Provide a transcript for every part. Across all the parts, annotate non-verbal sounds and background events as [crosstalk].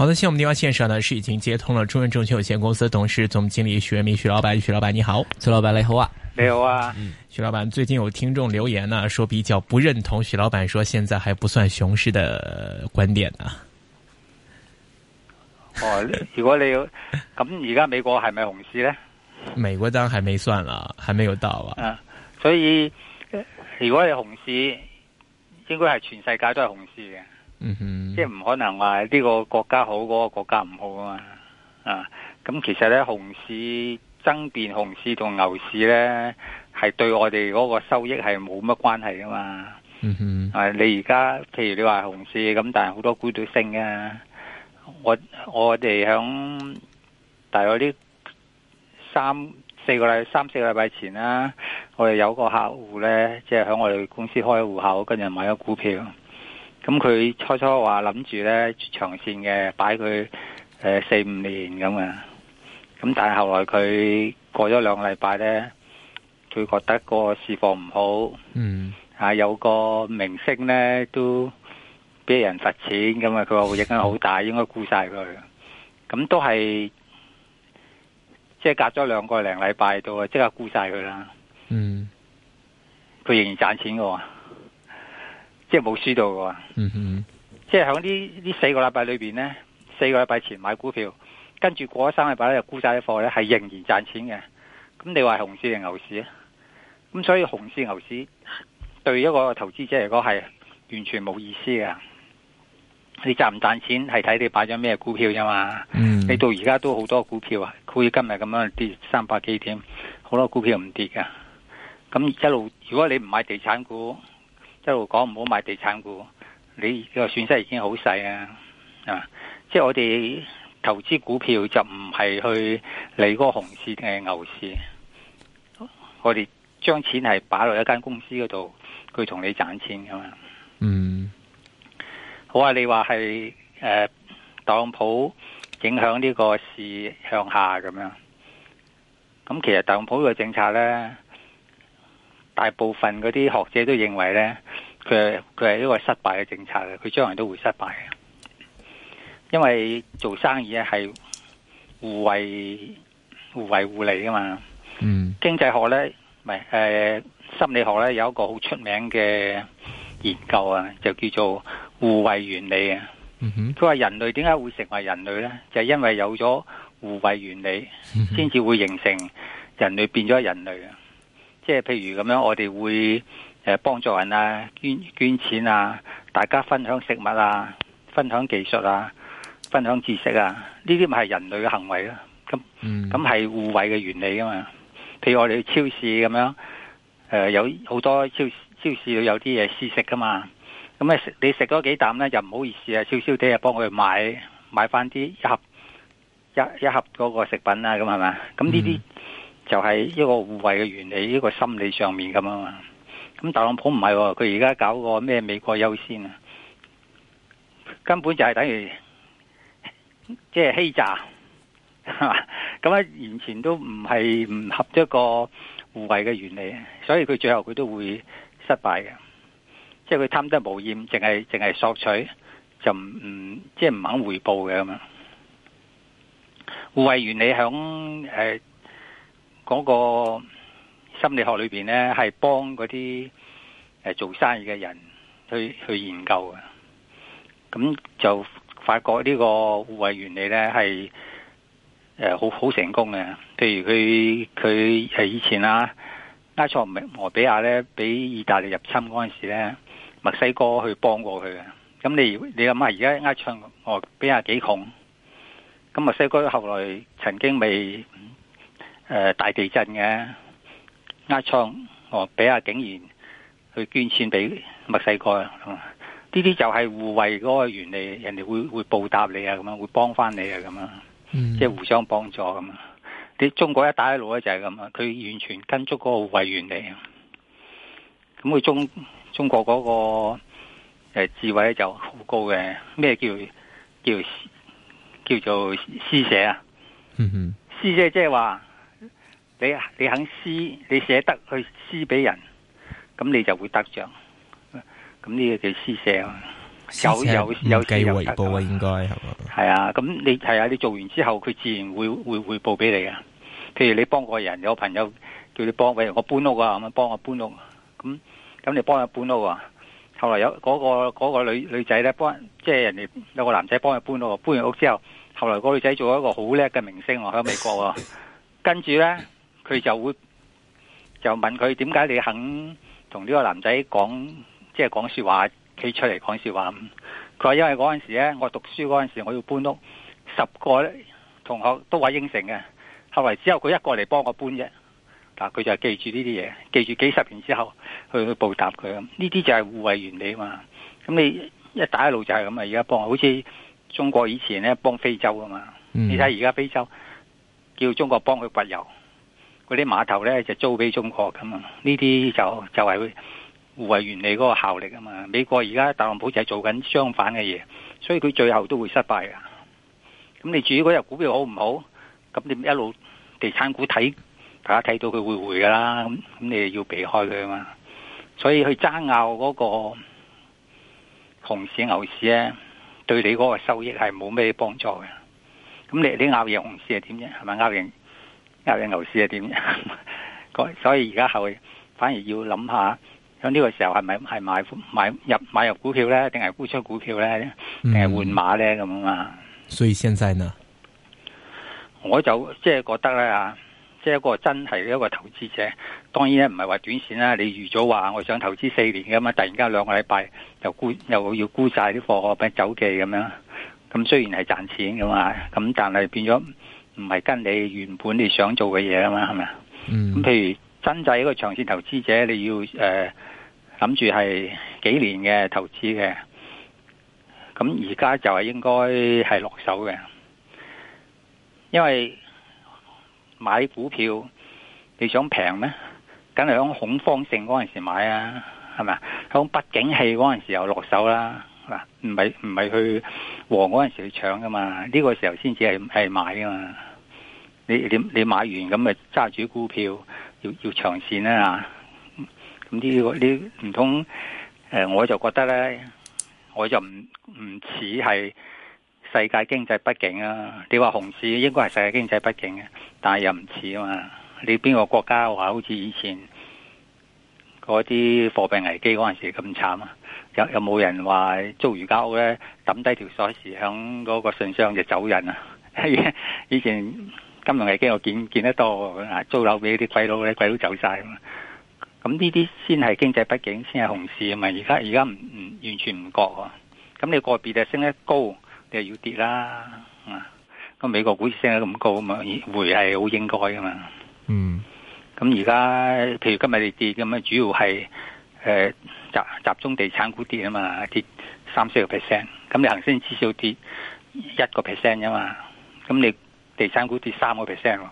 好的，現在我們電話線上呢是已經接通了中原證券有限公司的董事總經理徐潤民，徐老闆，徐老闆你好，徐老闆你好啊，你好啊、嗯，徐老闆，最近有聽眾留言呢、啊，說比較不認同徐老闆說現在還不算熊市的觀點啊。哦，如果你，咁而家美國係咪熊市呢？美國當然還沒算了，還沒有到啊。啊，所以如果係熊市，應該係全世界都係熊市嘅。嗯哼，即係唔可能話呢個國家好，嗰個國家唔好啊嘛，啊，咁其實咧熊市，爭辯，熊市同牛市咧係對我哋嗰個收益係冇乜關係噶嘛，嗯哼，啊，你而家譬如你話熊市咁，但係好多股票都升啊。我我哋響大概呢三四個禮拜，三四個禮拜前啦，我哋有個客戶咧，即係喺我哋公司開戶口，跟住買咗股票。咁佢初初話諗住咧長線嘅，擺佢誒四五年咁啊，咁但係後來佢過咗兩個禮拜咧，佢覺得個市況唔好，嗯，啊有個明星咧都俾人罰錢咁啊，佢話會影響好大，應該沽晒佢，咁都係即係隔咗兩個零禮拜到，即刻沽晒佢啦，嗯，佢、嗯就是嗯、仍然賺錢噶喎。即係冇輸到喎，嗯。即係喺呢呢四個禮拜裏邊呢四個禮拜前買股票，跟住過咗三禮拜咧，沽晒啲貨咧係仍然賺錢嘅。咁你話係熊市定牛市啊？咁所以熊市牛市對一個投資者嚟講係完全冇意思嘅。你賺唔賺錢係睇你擺咗咩股票啫嘛，嗯。你到而家都好多股票啊，好似今日咁樣跌三百幾點，好多股票唔跌嘅。咁一路如果你唔買地產股。一路講唔好買地產股，你個損失已經好細啊！啊，即係我哋投資股票就唔係去你嗰個熊市定係牛市，我哋將錢係擺落一間公司嗰度，佢同你賺錢咁嘛。嗯，好啊！你話係誒，特朗普影響呢個市向下咁樣。咁、啊、其實特朗普嘅政策呢，大部分嗰啲學者都認為呢。佢佢係一個失敗嘅政策嘅，佢將來都會失敗嘅。因為做生意咧，係互惠互惠互利噶嘛。嗯，經濟學咧唔係誒，心理學咧有一個好出名嘅研究啊，就叫做互惠原理啊。佢話人類點解會成為人類咧？就係因為有咗互惠原理，先至會形成人類變咗人類啊。即係譬如咁樣，我哋會。誒，幫助人啊，捐捐錢啊，大家分享食物啊，分享技術啊，分享知識啊，呢啲咪係人類嘅行為咯，啊，咁咁係互惠嘅原理啊嘛。譬如我哋去超市咁樣，誒、呃，有好多超超市有啲嘢試食噶嘛，咁啊，你食咗幾啖咧，就唔好意思啊，悄悄哋啊幫佢買買翻啲一，一盒一一盒嗰個食品啊，咁係嘛，咁呢啲就係一個互惠嘅原理，一個心理上面咁啊嘛。咁特朗普唔係喎，佢而家搞個咩美國優先啊？根本就係等於即係欺詐，咁啊完全都唔係唔合一個互惠嘅原理，所以佢最後佢都會失敗嘅。即係佢貪得無厭，淨係淨係索取，就唔唔即係唔肯回報嘅咁啊！互惠原理響誒嗰個。心理學裏邊呢，係幫嗰啲誒做生意嘅人去去研究嘅。咁就發覺呢個護衛原理呢，係誒好好成功嘅。譬如佢佢係以前啊，埃塞俄俄比亞呢，俾意大利入侵嗰陣時呢，墨西哥去幫過佢嘅。咁你你諗下，而家埃塞俄比亞幾窮，咁墨西哥後來曾經未、呃、大地震嘅。阿創哦，俾阿景賢去捐錢俾墨西哥啊！呢啲就係互惠嗰個原理，人哋會會報答你啊，咁樣會幫翻你啊，咁樣，即係互相幫助咁啊！你中國一帶一路咧就係咁啊，佢完全跟足嗰個互惠原理啊！咁佢中中國嗰個誒智慧咧就好高嘅，咩叫叫叫做施捨啊？施捨即係話。你你肯施，你捨得去施俾人，咁你就會得獎。咁呢個叫施捨，有有有有計回報啊，應該係係啊，咁你係啊，你做完之後，佢自然會會回報俾你啊。譬如你幫個人，有朋友叫你幫，譬如我搬屋啊，咁啊幫我搬屋。咁、嗯、咁你幫佢搬屋啊。後來有嗰、嗰個、嗰個女女仔咧幫，即係、就是、人哋有個男仔幫佢搬屋。搬完屋之後，後來個女仔做一個好叻嘅明星喎，喺美國 [laughs] 跟住咧。佢就會就問佢點解你肯同呢個男仔講，即係講説話，企出嚟講説話。佢話說因為嗰陣時咧，我讀書嗰陣時，我要搬屋，十個同學都話應承嘅。後嚟只有佢一個嚟幫我搬啫。嗱，佢就係記住呢啲嘢，記住幾十年之後去報答佢。咁呢啲就係互惠原理啊嘛。咁你一帶一路就係咁啊。而家幫好似中國以前咧幫非洲啊嘛。你睇下而家非洲叫中國幫佢掘油。嗰啲碼頭呢，就租俾中國噶嘛，呢啲就就係護衛原理嗰個效力啊嘛。美國而家特朗普就係做緊相反嘅嘢，所以佢最後都會失敗噶。咁你至於嗰日股票好唔好，咁你一路地產股睇，大家睇到佢會回噶啦，咁咁你就要避開佢啊嘛。所以去爭拗嗰個熊市牛市呢，對你嗰個收益係冇咩幫助嘅。咁你你拗贏熊市係點啫？係咪拗贏？今嘅牛市係點？咁 [laughs] 所以而家後反而要諗下喺呢個時候係咪係買買入買入股票呢？定係沽出股票呢？定、嗯、誒，換馬呢？咁啊所以現在呢，我就即係、就是、覺得呢，啊，即係一個真係一個投資者，當然咧唔係話短線啦。你預咗話我想投資四年咁嘛，突然間兩個禮拜又沽又要沽晒啲貨，可能走嘅咁樣。咁雖然係賺錢咁嘛，咁但係變咗。唔係跟你原本你想做嘅嘢啊嘛，係咪？咁、嗯、譬如真係一個長線投資者，你要誒諗住係幾年嘅投資嘅，咁而家就係應該係落手嘅，因為買股票你想平咩？梗係響恐慌性嗰陣時買啊，係咪？響不景氣嗰陣時候落手啦，嗱，唔係唔係去旺嗰陣時去搶噶嘛？呢、這個時候先至係係買啊嘛！你你，你買完咁咪揸住股票，要要長線啦。咁呢、這個呢唔通？誒、這個呃，我就覺得咧，我就唔唔似係世界經濟不景啊。你話熊市應該係世界經濟不景啊，但係又唔似啊嘛。你邊個國家話好似以前嗰啲貨幣危機嗰陣時咁慘啊？有有冇人話租魚屋咧抌低條鎖匙，響嗰個信箱就走人啊？ [laughs] 以前。金融危機我見見得多，嗱租樓俾啲鬼佬咧，鬼佬走曬嘛。咁呢啲先係經濟畢竟，先係熊市啊嘛。而家而家唔唔完全唔覺喎。咁你個別就升得高，你係要跌啦。咁美國股市升得咁高啊嘛，回係好應該㗎嘛。嗯。咁而家譬如今日你跌咁啊，主要係誒、呃、集集中地產股跌啊嘛，跌三四個 percent。咁你恒生至少跌一個 percent 啊嘛。咁你。地產股跌三個 percent 喎，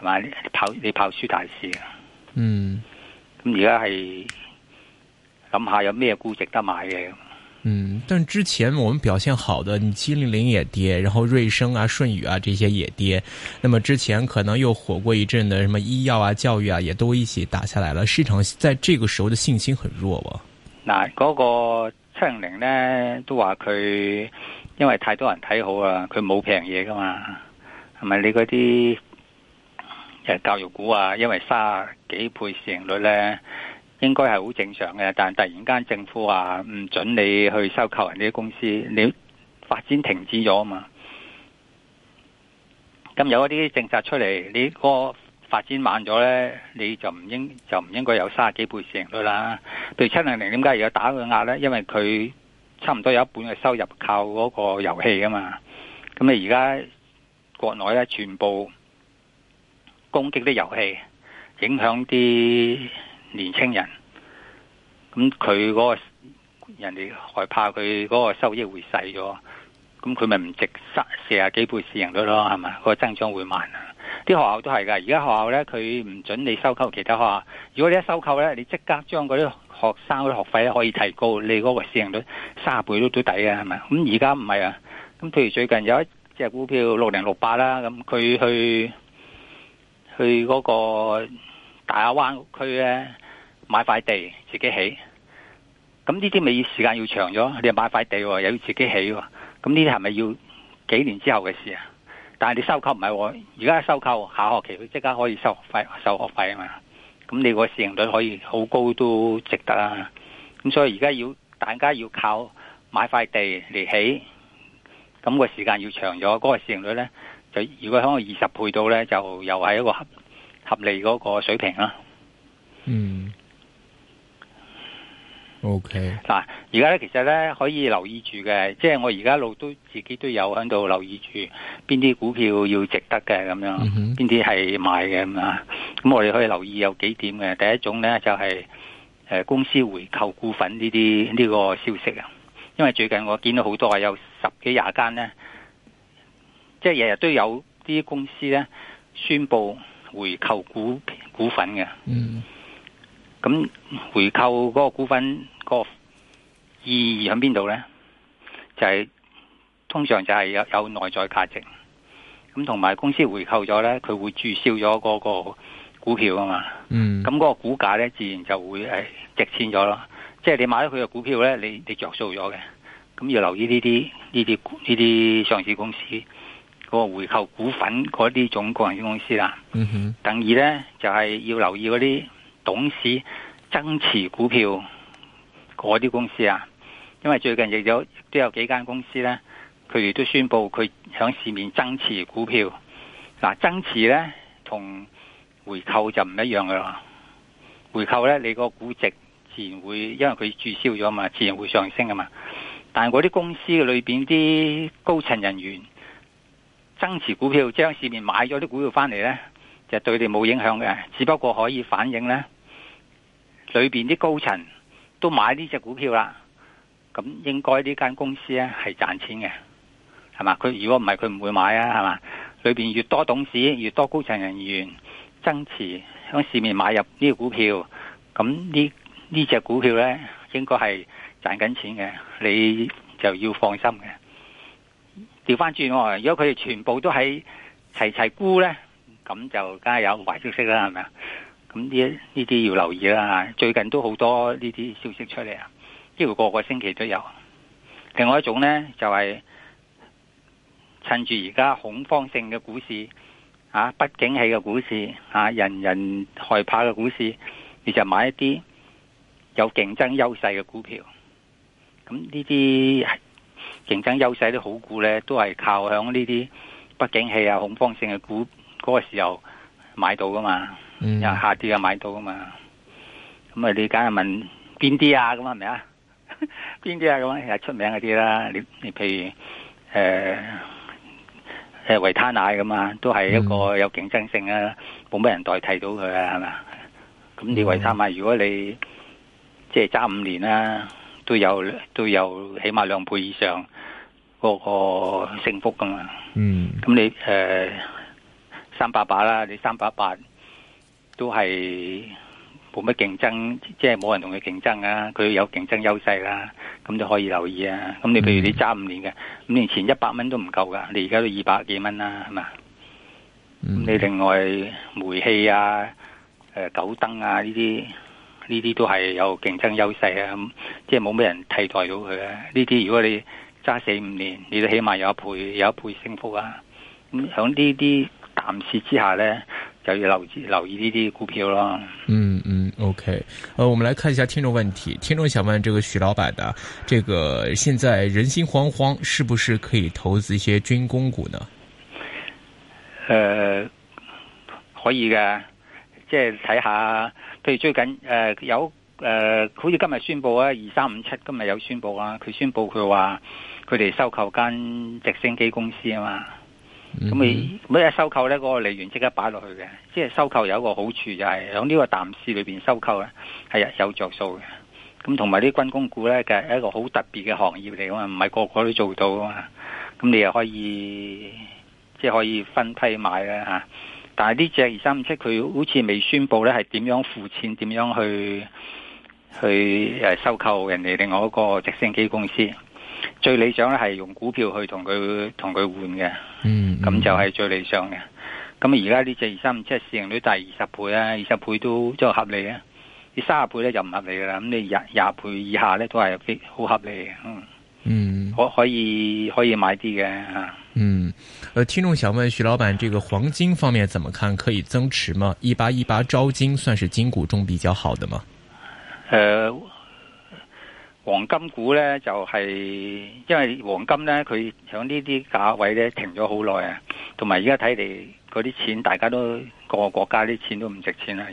係咪你跑你跑輸大市啊？嗯，咁而家係諗下有咩股值得買嘅？嗯，但之前我們表現好的，你七零零也跌，然後瑞聲啊、舜宇啊這些也跌，那麼之前可能又火過一陣的什麼醫藥啊、教育啊也都一起打下來了。市場在這個時候的信心很弱喎。嗱，嗰個七零零呢都話佢因為太多人睇好啊，佢冇平嘢㗎嘛。同埋你嗰啲誒教育股啊，因為卅幾倍市盈率呢，應該係好正常嘅。但係突然間政府話唔准你去收購人哋啲公司，你發展停止咗啊嘛。咁有一啲政策出嚟，你個發展慢咗呢，你就唔應就唔應該有卅幾倍市盈率啦。譬如七零零點解而家打佢壓呢，因為佢差唔多有一半嘅收入靠嗰個遊戲啊嘛。咁你而家？國內咧全部攻擊啲遊戲，影響啲年青人。咁佢嗰個人哋害怕佢嗰個收益會細咗，咁佢咪唔值三四十幾倍市盈率咯？係咪？個增長會慢啊！啲學校都係噶，而家學校咧佢唔准你收購其他學校，如果你一收購咧，你即刻將嗰啲學生嗰啲學費咧可以提高，你嗰個市盈率三十倍都都抵啊，係咪？咁而家唔係啊，咁譬如最近有一。隻、就是、股票六零六八啦，咁佢去去嗰個大亞灣區咧買塊地自己起，咁呢啲咪時間要長咗？你又買塊地又要自己起，咁呢啲係咪要幾年之後嘅事啊？但係你收購唔係，而家係收購，下學期佢即刻可以收學費收學費啊嘛。咁你個市盈率可以好高都值得啊。咁所以而家要大家要靠買塊地嚟起。咁個時間要長咗，嗰個市盈率呢，就如果響個二十倍到呢，就又係一個合合理嗰個水平啦。嗯。O K。嗱，而家呢，其實呢，可以留意住嘅，即係我而家一路都自己都有喺度留意住邊啲股票要值得嘅咁樣，邊啲係賣嘅咁啊。咁我哋可以留意有幾點嘅，第一種呢，就係公司回購股份呢啲呢個消息啊。因為最近我見到好多有十幾廿間咧，即係日日都有啲公司咧宣布回購股股份嘅。嗯，咁回購嗰個股份，嗰個意義喺邊度咧？就係、是、通常就係有有內在價值。咁同埋公司回購咗咧，佢會注銷咗嗰個股票啊嘛。嗯，咁嗰個股價咧，自然就會係值錢咗咯。即係你買咗佢嘅股票呢，你你着數咗嘅，咁要留意呢啲呢啲呢啲上市公司嗰個回購股份嗰啲種上市公司啦。嗯哼。第二呢就係、是、要留意嗰啲董事增持股票嗰啲公司啊，因為最近亦有都有幾間公司呢，佢哋都宣布佢響市面增持股票。嗱、啊，增持呢同回購就唔一樣噶啦。回購呢，你個股值。自然會，因為佢註銷咗嘛，自然會上升啊嘛。但係嗰啲公司裏面啲高層人員增持股票，將市面買咗啲股票翻嚟呢，就對你冇影響嘅。只不過可以反映呢裏面啲高層都買呢隻股票啦。咁應該呢間公司呢係賺錢嘅，係嘛？佢如果唔係佢唔會買啊，係嘛？裏面越多董事，越多高層人員增持向市面買入呢個股票，咁呢？呢隻股票呢，應該係賺緊錢嘅，你就要放心嘅。調翻轉喎，如果佢哋全部都係齊齊沽呢，咁就梗係有壞消息啦，係咪啊？咁呢，呢啲要留意啦嚇。最近都好多呢啲消息出嚟啊，幾乎個個星期都有。另外一種呢，就係趁住而家恐慌性嘅股市，嚇不景氣嘅股市，嚇人人害怕嘅股市，你就買一啲。有競爭優勢嘅股票，咁呢啲競爭優勢啲好股咧，都係靠響呢啲不景氣啊、恐慌性嘅股嗰、嗰個時候買到噶嘛，又、嗯、下跌又買到噶嘛。咁啊，你梗係問邊啲啊？咁啊，係咪啊？邊啲啊？咁啊，又出名嗰啲啦。你你譬如誒誒維他奶咁嘛，都係一個有競爭性啊，冇、嗯、咩人代替到佢啊，係咪？咁你維他奶如果你？嗯即係揸五年啦，都有都有起碼兩倍以上嗰個升幅噶嘛。嗯，咁你誒三百八啦，你三百八都係冇乜競爭，即係冇人同佢競爭啊。佢有競爭優勢啦，咁就可以留意啊。咁你譬如你揸五年嘅，五年前一百蚊都唔夠噶，你而家都二百幾蚊啦，係嘛？咁你另外煤氣啊、誒九燈啊呢啲。呢啲都係有競爭優勢啊！即係冇咩人替代到佢咧。呢啲如果你揸四五年，你都起碼有一倍有一倍升幅啊！咁喺呢啲淡市之下咧，就要留意留意呢啲股票咯。嗯嗯，OK，呃，我們來看一下聽眾問題。聽眾想問這個徐老闆的，這個現在人心惶惶，是不是可以投資一些軍工股呢？呃，可以㗎。即係睇下，譬如最近誒、呃、有誒、呃，好似今日宣布啊，二三五七今日有宣布啊，佢宣布佢話佢哋收購一間直升機公司啊嘛。咁、mm -hmm. 你每一收購咧，嗰、那個利源即刻擺落去嘅。即係收購有一個好處就係響呢個淡市裏邊收購咧，係啊有着數嘅。咁同埋啲軍工股咧，其實係一個好特別嘅行業嚟啊嘛，唔係個個都做到啊嘛。咁你又可以即係、就是、可以分批買啦吓。但係呢隻二三五七佢好似未宣布咧，係點樣付錢，點樣去去誒收購人哋另外一個直升機公司？最理想咧係用股票去同佢同佢換嘅，嗯，嗯，咁就係最理想嘅。咁而家呢隻二三五七市盈率大二十倍啊，二十倍都即係合理嘅。你三十倍咧就唔合理噶啦。咁你廿廿倍以下咧都係有啲好合理嘅，嗯，嗯，可可以可以買啲嘅，吓，嗯，嗯。嗯呃，聽眾想問徐老闆，這個黃金方面怎麼看？可以增持嗎？一八一八招金算是金股中比較好的嗎？誒、呃，黃金股咧就係、是、因為黃金咧佢響呢啲價位咧停咗好耐啊，同埋而家睇嚟嗰啲錢大家都個個國家啲錢都唔值錢啦，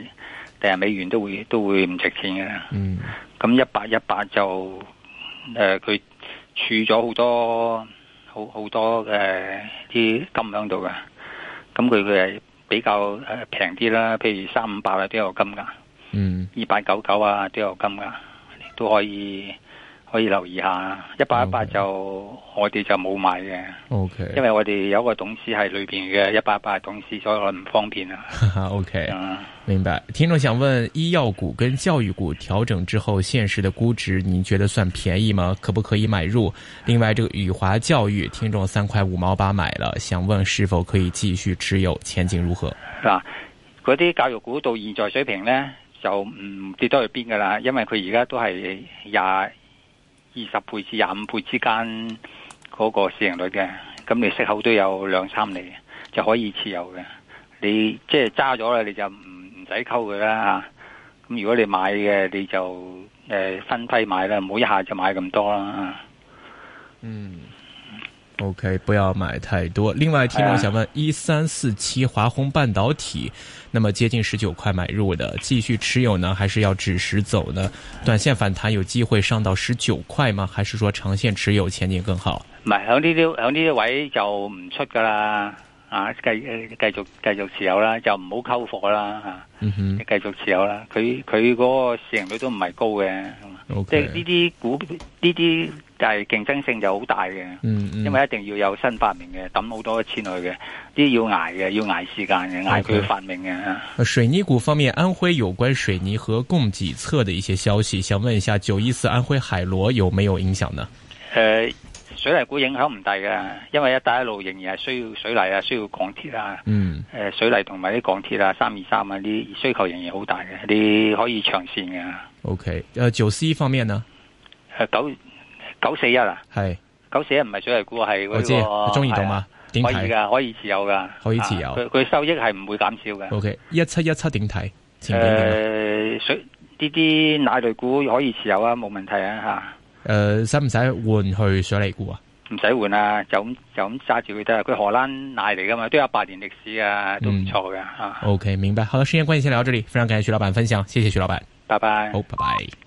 第日美元都會都會唔值錢嘅啦。嗯，咁一八一八就誒佢儲咗好多。好好多嘅啲、呃、金響度嘅，咁佢佢係比較誒平啲啦，譬如三五百啊都有金噶，二八九九啊都有金噶，都可以。可以留意一下，一八一八就、okay. 我哋就冇買嘅。O、okay. K，因為我哋有個董事係裏邊嘅一八一八董事，所以我唔方便啊 O K，明白。聽眾想問，醫藥股跟教育股調整之後，現時的估值，你覺得算便宜嗎？可不可以買入？另外，這個宇華教育，聽眾三塊五毛八買了，想問是否可以繼續持有？前景如何？嗱，嗰啲教育股到現在水平呢，就唔跌到去邊噶啦，因為佢而家都係廿，二十倍至廿五倍之間嗰個市盈率嘅，咁你息口都有兩三厘，就可以持有嘅。你即係揸咗咧，你就唔唔使溝佢啦吓。咁、啊、如果你買嘅，你就誒分批買啦，唔好一下就買咁多啦。嗯。OK，不要買太多。另外，聽眾想問：一三四七華虹半導體，那麼接近十九塊買入的，繼續持有呢，還是要止蝕走呢？短線反彈有機會上到十九塊嗎？還是說長線持有前景更好？唔係，喺呢啲喺呢啲位就唔出噶啦，啊，繼繼續繼續持有啦，就唔好溝貨啦，吓，嗯哼，繼續持有啦。佢佢嗰個市盈率都唔係高嘅，即係呢啲股呢啲。這些但係競爭性就好大嘅，因為一定要有新發明嘅，抌好多錢去嘅，啲要挨嘅，要挨時間嘅，挨、okay. 佢發明嘅。水泥股方面，安徽有關水泥和供給側嘅一些消息，想問一下九一四安徽海螺有沒有影響呢？誒、呃，水泥股影響唔大嘅，因為一帶一路仍然係需要水泥啊，需要鋼鐵啊，誒、嗯呃，水泥同埋啲鋼鐵啊，三二三啊啲需求仍然好大嘅，你可以長線嘅。O K，誒，九四一方面呢？誒、呃，九。九四一啊，係九四一唔係水泥股，係嗰、那個中、啊、意動嘛，點睇噶？可以持有噶，可以持有。佢、啊、佢收益係唔會減少嘅。O K，一七一七點睇，前景點？誒、呃，水呢啲奶類股可以持有啊，冇問題啊吓。誒、啊，使唔使換去水泥股啊？唔使換啊，就咁就咁揸住佢得啦。佢荷蘭奶嚟噶嘛，都有百年歷史啊，都唔錯嘅。吓、嗯。O、okay, K，明白。好啦，時間關係先到這裏，非常感謝徐老闆分享，謝謝徐老闆。拜拜。好，拜拜。